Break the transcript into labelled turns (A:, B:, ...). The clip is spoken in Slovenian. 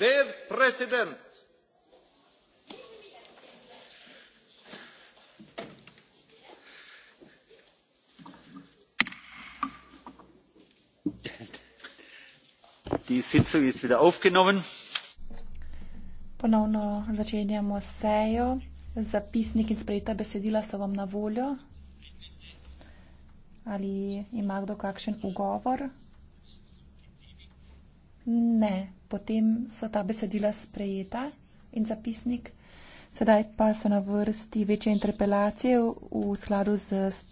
A: der präsident!
B: die sitzung ist wieder aufgenommen.
C: ponovno začenjamo sejo zapisnik in sprejeta besedila so vam na voljo ali ima kdo kakšen ugovor? ne potem so ta besedila sprejeta
D: in zapisnik. Sedaj pa so na vrsti večje interpelacije v skladu z